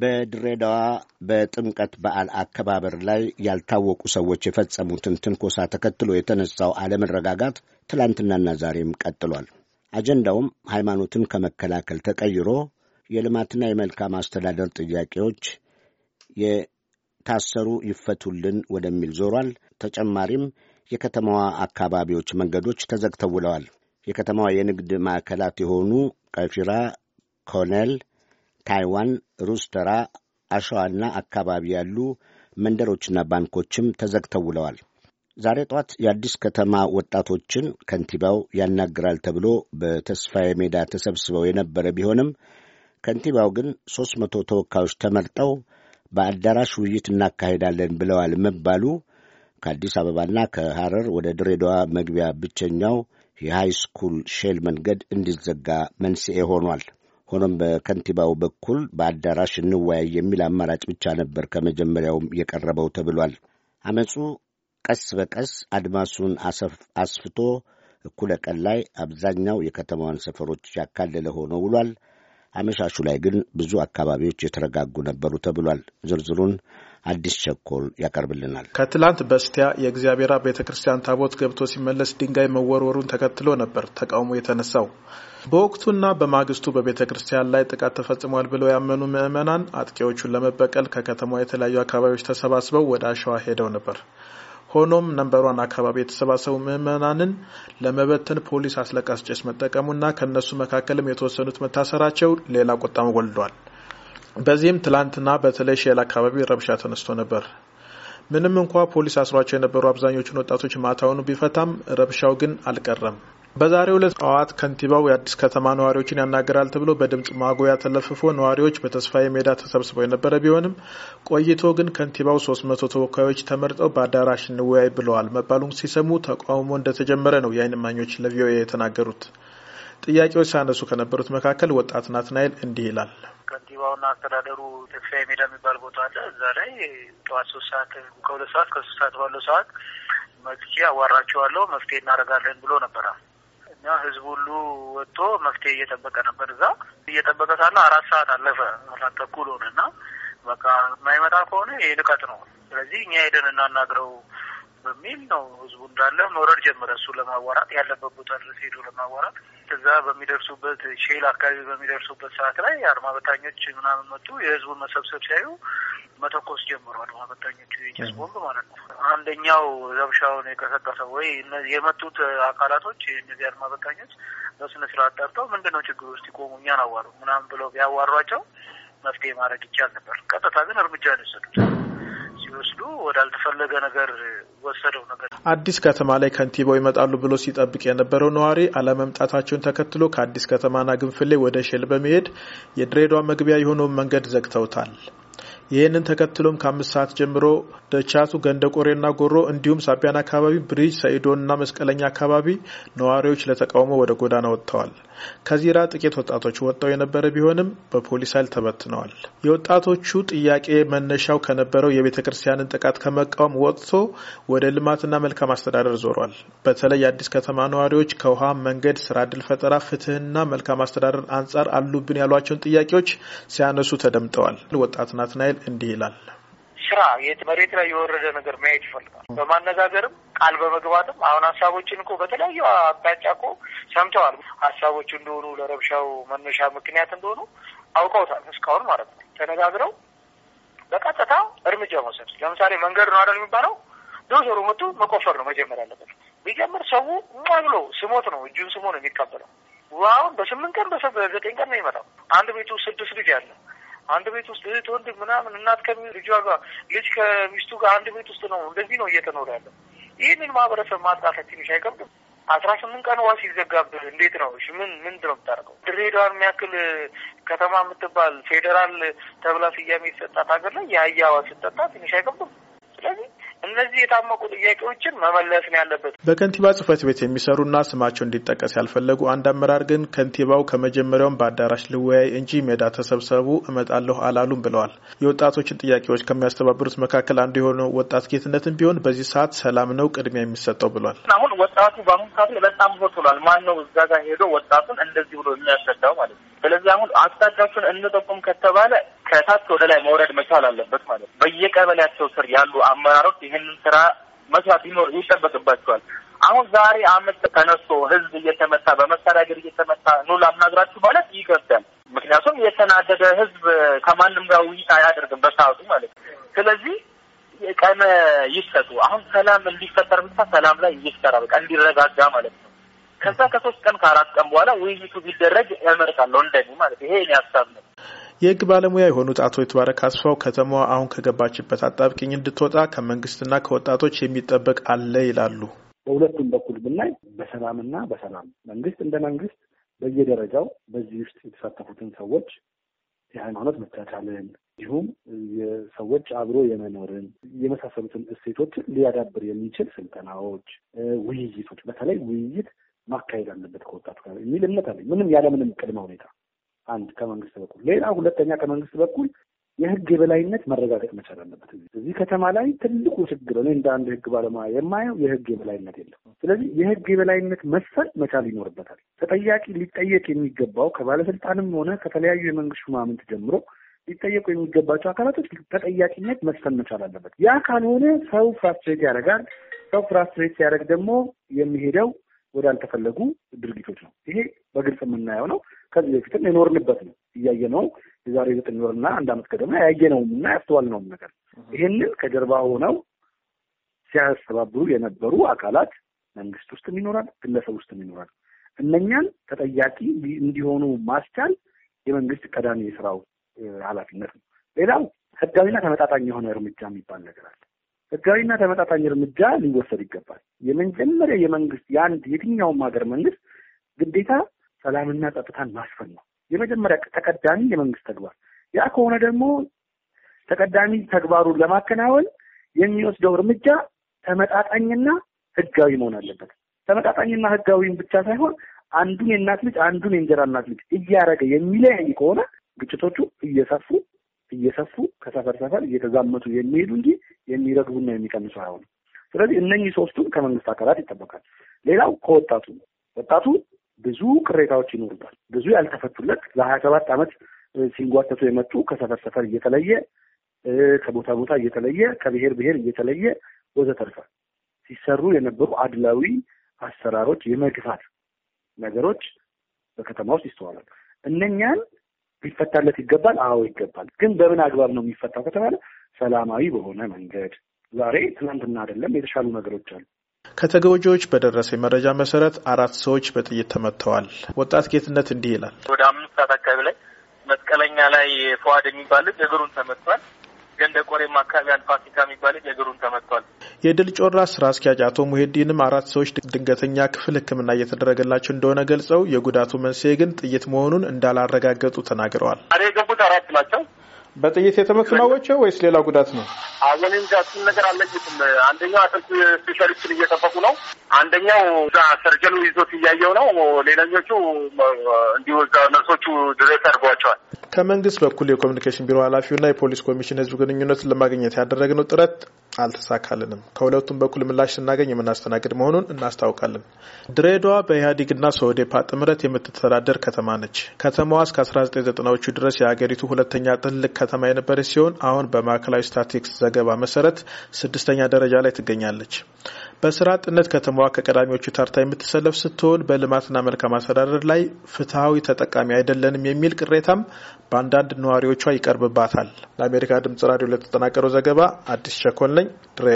በድሬዳዋ በጥምቀት በዓል አከባበር ላይ ያልታወቁ ሰዎች የፈጸሙትን ትንኮሳ ተከትሎ የተነሳው አለመረጋጋት ትላንትናና ዛሬም ቀጥሏል። አጀንዳውም ሃይማኖትን ከመከላከል ተቀይሮ የልማትና የመልካም አስተዳደር ጥያቄዎች የታሰሩ ይፈቱልን ወደሚል ዞሯል። ተጨማሪም የከተማዋ አካባቢዎች መንገዶች ተዘግተው ውለዋል። የከተማዋ የንግድ ማዕከላት የሆኑ ቀፊራ፣ ኮነል ታይዋን፣ ሩስተራ፣ አሸዋና አካባቢ ያሉ መንደሮችና ባንኮችም ተዘግተው ውለዋል። ዛሬ ጧት የአዲስ ከተማ ወጣቶችን ከንቲባው ያናግራል ተብሎ በተስፋዬ ሜዳ ተሰብስበው የነበረ ቢሆንም ከንቲባው ግን ሦስት መቶ ተወካዮች ተመርጠው በአዳራሽ ውይይት እናካሄዳለን ብለዋል መባሉ ከአዲስ አበባና ከሐረር ወደ ድሬዳዋ መግቢያ ብቸኛው የሃይ ስኩል ሼል መንገድ እንዲዘጋ መንስኤ ሆኗል። ሆኖም በከንቲባው በኩል በአዳራሽ እንወያይ የሚል አማራጭ ብቻ ነበር ከመጀመሪያውም የቀረበው ተብሏል። አመፁ ቀስ በቀስ አድማሱን አስፍቶ እኩለ ቀን ላይ አብዛኛው የከተማዋን ሰፈሮች ያካለለ ሆኖ ውሏል። አመሻሹ ላይ ግን ብዙ አካባቢዎች የተረጋጉ ነበሩ ተብሏል። ዝርዝሩን አዲስ ቸኮል ያቀርብልናል። ከትላንት በስቲያ የእግዚአብሔር ቤተ ክርስቲያን ታቦት ገብቶ ሲመለስ ድንጋይ መወርወሩን ተከትሎ ነበር ተቃውሞ የተነሳው። በወቅቱና በማግስቱ በቤተ ክርስቲያን ላይ ጥቃት ተፈጽሟል ብለው ያመኑ ምዕመናን አጥቂዎቹን ለመበቀል ከከተማ የተለያዩ አካባቢዎች ተሰባስበው ወደ አሸዋ ሄደው ነበር። ሆኖም ነንበሯን አካባቢ የተሰባሰቡ ምዕመናንን ለመበተን ፖሊስ አስለቃሽ ጭስ መጠቀሙና ከእነሱ መካከልም የተወሰኑት መታሰራቸው ሌላ ቁጣም ወልዷል። በዚህም ትላንትና በተለይ ሼል አካባቢ ረብሻ ተነስቶ ነበር። ምንም እንኳ ፖሊስ አስሯቸው የነበሩ አብዛኞቹን ወጣቶች ማታውኑ ቢፈታም ረብሻው ግን አልቀረም። በዛሬው ሁለት ጠዋት ከንቲባው የአዲስ ከተማ ነዋሪዎችን ያናገራል ተብሎ በድምፅ ማጉያ ተለፍፎ ነዋሪዎች በተስፋዬ ሜዳ ተሰብስበው የነበረ ቢሆንም ቆይቶ ግን ከንቲባው ሶስት መቶ ተወካዮች ተመርጠው በአዳራሽ እንወያይ ብለዋል መባሉን ሲሰሙ ተቃውሞ እንደተጀመረ ነው የዓይን እማኞች ለቪኦኤ የተናገሩት። ጥያቄዎች ሳያነሱ ከነበሩት መካከል ወጣት ናትናኤል እንዲህ ይላል። ከንቲባውና አስተዳደሩ ተክሻ ሜዳ የሚባል ቦታ አለ። እዛ ላይ ጠዋት ሶስት ሰዓት ከሁለት ሰዓት ከሶስት ሰዓት ባለው ሰዓት መጥቼ አዋራቸዋለሁ መፍትሄ እናደርጋለን ብሎ ነበረ እና ህዝቡ ሁሉ ወጥቶ መፍትሄ እየጠበቀ ነበር። እዛ እየጠበቀ ሳለ አራት ሰዓት አለፈ፣ አራት ተኩል ሆነ እና በቃ የማይመጣ ከሆነ ይህ ንቀት ነው። ስለዚህ እኛ ሄደን እናናግረው በሚል ነው ህዝቡ እንዳለ መውረድ ጀመረ። እሱ ለማዋራት ያለበት ቦታ ድረስ ሄዶ ለማዋራት እዛ በሚደርሱበት ሼል አካባቢ በሚደርሱበት ሰዓት ላይ አድማ በታኞች ምናምን መጡ። የህዝቡን መሰብሰብ ሲያዩ መተኮስ ጀምሩ። አድማ በታኞቹ የጭስ ቦምብ ማለት ነው። አንደኛው ዘብሻውን የቀሰቀሰው ወይ የመጡት አካላቶች እነዚህ አድማ በታኞች በስነ ስርዓት ጠርተው ምንድን ነው ችግር ውስጥ ይቆሙ እኛን አዋሩ ምናምን ብለው ቢያዋሯቸው መፍትሄ ማድረግ ይቻል ነበር። ቀጥታ ግን እርምጃ ነው የወሰዱት። ሲወስዱ ወዳልተፈለገ ነገር ወሰደው ነገር አዲስ ከተማ ላይ ከንቲባው ይመጣሉ ብሎ ሲጠብቅ የነበረው ነዋሪ አለመምጣታቸውን ተከትሎ ከአዲስ ከተማና ግንፍሌ ወደ ሼል በመሄድ የድሬዳዋ መግቢያ የሆነውን መንገድ ዘግተውታል። ይህንን ተከትሎም ከአምስት ሰዓት ጀምሮ ደቻቱ ገንደ ቆሬና ጎሮ እንዲሁም ሳቢያን አካባቢ ብሪጅ ና መስቀለኛ አካባቢ ነዋሪዎች ለተቃውሞ ወደ ጎዳና ወጥተዋል። ከዚራ ጥቂት ወጣቶች ወጥተው የነበረ ቢሆንም በፖሊስ ኃይል ተበትነዋል። የወጣቶቹ ጥያቄ መነሻው ከነበረው የቤተ ክርስቲያንን ጥቃት ከመቃወም ወጥቶ ወደ ልማትና መልካም አስተዳደር ዞሯል። በተለይ የአዲስ ከተማ ነዋሪዎች ከውሃ፣ መንገድ፣ ስራ እድል ፈጠራ፣ ፍትህና መልካም አስተዳደር አንጻር አሉብን ያሏቸውን ጥያቄዎች ሲያነሱ ተደምጠዋል። ወጣት ናትናኤል እንዲህ ይላል። ስራ መሬት ላይ የወረደ ነገር ማየት ይፈልጋል። በማነጋገርም ቃል በመግባትም አሁን ሀሳቦችን እኮ በተለያዩ አቅጣጫ እኮ ሰምተዋል። ሀሳቦች እንደሆኑ ለረብሻው መነሻ ምክንያት እንደሆኑ አውቀውታል። እስካሁን ማለት ነው ተነጋግረው በቀጥታ እርምጃ መውሰድ። ለምሳሌ መንገድ ነው አይደል የሚባለው፣ ዶዘሩ መቶ መቆፈር ነው መጀመር ያለበት። ቢጀምር ሰው ብሎ ስሞት ነው እጁን ስሞ ነው የሚቀበለው። አሁን በስምንት ቀን በዘጠኝ ቀን ነው ይመጣው። አንድ ቤቱ ስድስት ልጅ ያለው አንድ ቤት ውስጥ እህት ወንድ ምናምን እናት ከልጇ ጋር ልጅ ከሚስቱ ጋር አንድ ቤት ውስጥ ነው እንደዚህ ነው እየተኖረ ያለው። ይህንን ማህበረሰብ ማጥቃት ትንሽ አይከብድም? አስራ ስምንት ቀን ዋስ ይዘጋብህ እንዴት ነው እሺ? ምን ምንድን ነው የምታደርገው? ድሬዳዋን የሚያክል ከተማ የምትባል ፌዴራል ተብላ ስያሜ የተሰጣት ሀገር ላይ የአህያ ውሃ ስትጠጣ ትንሽ አይከብድም? ስለዚህ እነዚህ የታመቁ ጥያቄዎችን መመለስ ነው ያለበት። በከንቲባ ጽህፈት ቤት የሚሰሩና ስማቸው እንዲጠቀስ ያልፈለጉ አንድ አመራር ግን ከንቲባው ከመጀመሪያውም በአዳራሽ ልወያይ እንጂ ሜዳ ተሰብሰቡ እመጣለሁ አላሉም ብለዋል። የወጣቶችን ጥያቄዎች ከሚያስተባብሩት መካከል አንዱ የሆነው ወጣት ጌትነትን ቢሆን በዚህ ሰዓት ሰላም ነው ቅድሚያ የሚሰጠው ብሏል። አሁን ወጣቱ በአሁኑ ሰዓት በጣም ሆት ብሏል። ማን ነው እዛ ጋር ሄዶ ወጣቱን እንደዚህ ብሎ የሚያስረዳው ማለት ነው ስለዚህ አሁን አስታዳሹን እንጠቁም ከተባለ ከታች ወደ ላይ መውረድ መቻል አለበት ማለት ነው። በየቀበሌያቸው ስር ያሉ አመራሮች ይህንን ስራ መስራት ይኖር ይጠበቅባቸዋል። አሁን ዛሬ አመት ተነስቶ ህዝብ እየተመታ በመሳሪያ ግድ እየተመታ ኑ ላናግራችሁ ማለት ይከብዳል። ምክንያቱም የተናደደ ህዝብ ከማንም ጋር ውይይት አያደርግም በሰዓቱ ማለት ነው። ስለዚህ ቀነ ይሰጡ። አሁን ሰላም እንዲፈጠር ብቻ ሰላም ላይ እየተሰራ በቃ እንዲረጋጋ ማለት ነው። ከዛ ከሶስት ቀን ከአራት ቀን በኋላ ውይይቱ ቢደረግ ያመርጣለሁ እንደኔ ማለት ይሄ እኔ ሀሳብ ነው። የህግ ባለሙያ የሆኑት አቶ የተባረክ አስፋው ከተማዋ አሁን ከገባችበት አጣብቂኝ እንድትወጣ ከመንግስትና ከወጣቶች የሚጠበቅ አለ ይላሉ። በሁለቱም በኩል ብናይ በሰላምና በሰላም መንግስት እንደ መንግስት በየደረጃው በዚህ ውስጥ የተሳተፉትን ሰዎች የሃይማኖት መቻቻልን እንዲሁም የሰዎች አብሮ የመኖርን የመሳሰሉትን እሴቶችን ሊያዳብር የሚችል ስልጠናዎች፣ ውይይቶች በተለይ ውይይት ማካሄድ አለበት ከወጣቱ ጋር የሚል እምነት አለኝ። ምንም ያለምንም ቅድመ ሁኔታ አንድ ከመንግስት በኩል ሌላ፣ ሁለተኛ ከመንግስት በኩል የህግ የበላይነት መረጋገጥ መቻል አለበት። እዚህ ከተማ ላይ ትልቁ ችግር እኔ እንደ አንድ ህግ ባለሙያ የማየው የህግ የበላይነት የለም። ስለዚህ የህግ የበላይነት መሰል መቻል ይኖርበታል። ተጠያቂ ሊጠየቅ የሚገባው ከባለስልጣንም ሆነ ከተለያዩ የመንግስት ሹማምንት ጀምሮ ሊጠየቁ የሚገባቸው አካላቶች ተጠያቂነት መሰል መቻል አለበት። ያ ካልሆነ ሰው ፍራስትሬት ያደርጋል። ሰው ፍራስትሬት ሲያደርግ ደግሞ የሚሄደው ወዳልተፈለጉ ድርጊቶች ነው። ይሄ በግልጽ የምናየው ነው። ከዚህ በፊትም የኖርንበት ነው እያየነው የዛሬ ዘጠኝ ወርና አንድ አመት ቀደም ያየነውም እና ያስተዋልነውም ነገር ይህንን ከጀርባ ሆነው ሲያስተባብሩ የነበሩ አካላት መንግስት ውስጥም ይኖራል፣ ግለሰብ ውስጥም ይኖራል። እነኛን ተጠያቂ እንዲሆኑ ማስቻል የመንግስት ቀዳሚ የስራው ኃላፊነት ነው። ሌላው ህጋዊና ተመጣጣኝ የሆነ እርምጃ የሚባል ነገር አለ። ህጋዊና ተመጣጣኝ እርምጃ ሊወሰድ ይገባል። የመጀመሪያ የመንግስት የአንድ የትኛውም ሀገር መንግስት ግዴታ ሰላምና ጸጥታን ማስፈን ነው የመጀመሪያ ተቀዳሚ የመንግስት ተግባር። ያ ከሆነ ደግሞ ተቀዳሚ ተግባሩን ለማከናወን የሚወስደው እርምጃ ተመጣጣኝና ህጋዊ መሆን አለበት። ተመጣጣኝና ህጋዊም ብቻ ሳይሆን አንዱን የእናት ልጅ አንዱን የእንጀራ እናት ልጅ እያረገ የሚለያይ ከሆነ ግጭቶቹ እየሰፉ እየሰፉ ከሰፈር ሰፈር እየተዛመቱ የሚሄዱ እንጂ የሚረግቡና የሚቀንሱ አይሆንም። ስለዚህ እነኚህ ሶስቱም ከመንግስት አካላት ይጠበቃል። ሌላው ከወጣቱ ወጣቱ ብዙ ቅሬታዎች ይኖሩታል። ብዙ ያልተፈቱለት ለሀያ ሰባት ዓመት ሲንጓተቱ የመጡ ከሰፈር ሰፈር እየተለየ ከቦታ ቦታ እየተለየ ከብሔር ብሔር እየተለየ ወዘተርፈ ሲሰሩ የነበሩ አድላዊ አሰራሮች፣ የመግፋት ነገሮች በከተማ ውስጥ ይስተዋላል። እነኛን ሊፈታለት ይገባል። አዎ ይገባል። ግን በምን አግባብ ነው የሚፈታው ከተባለ ሰላማዊ በሆነ መንገድ ዛሬ ትናንትና አይደለም። የተሻሉ ነገሮች አሉ። ከተጎጂዎች በደረሰ መረጃ መሰረት አራት ሰዎች በጥይት ተመትተዋል። ወጣት ጌትነት እንዲህ ይላል። ወደ አምስት ሰዓት አካባቢ ላይ መስቀለኛ ላይ ፈዋድ የሚባል ልጅ እግሩን ተመትቷል። ገንደ ቆሬም አካባቢ አንድ ፋሲካ የሚባል ልጅ እግሩን ተመትቷል። የድል ጮራ ስራ አስኪያጅ አቶ ሙሄዲንም አራት ሰዎች ድንገተኛ ክፍል ሕክምና እየተደረገላቸው እንደሆነ ገልጸው የጉዳቱ መንስኤ ግን ጥይት መሆኑን እንዳላረጋገጡ ተናግረዋል። አሬ የገቡት አራት ናቸው። በጥይት የተመቱ ናቸው ወይስ ሌላ ጉዳት ነው? አሁን እንጃ እሱን ነገር አልለየትም። አንደኛው አጥንት ስፔሻሊስትን እየጠበቁ ነው። አንደኛው ሰርጀኑ ይዞት እያየው ነው። ሌላኞቹ እንዲሁ ነርሶቹ ድሬስ አድርገዋቸዋል። ከመንግስት በኩል የኮሚኒኬሽን ቢሮ ኃላፊውና የፖሊስ ኮሚሽን ህዝብ ግንኙነት ለማግኘት ያደረግነው ጥረት አልተሳካልንም። ከሁለቱም በኩል ምላሽ ስናገኝ የምናስተናግድ መሆኑን እናስታውቃለን። ድሬዳዋ በኢህአዴግና ሶዴፓ ጥምረት የምትተዳደር ከተማ ነች። ከተማዋ እስከ 1990ዎቹ ድረስ የሀገሪቱ ሁለተኛ ትልቅ ከተማ የነበረ ሲሆን አሁን በማዕከላዊ ስታቲክስ ዘገባ መሰረት ስድስተኛ ደረጃ ላይ ትገኛለች። በስራ አጥነት ከተማዋ ከቀዳሚዎቹ ተርታ የምትሰለፍ ስትሆን በልማትና መልካም አስተዳደር ላይ ፍትሐዊ ተጠቃሚ አይደለንም የሚል ቅሬታም በአንዳንድ ነዋሪዎቿ ይቀርብባታል። ለአሜሪካ ድምጽ ራዲዮ ለተጠናቀረው ዘገባ አዲስ ቸኮል ነኝ ድሬ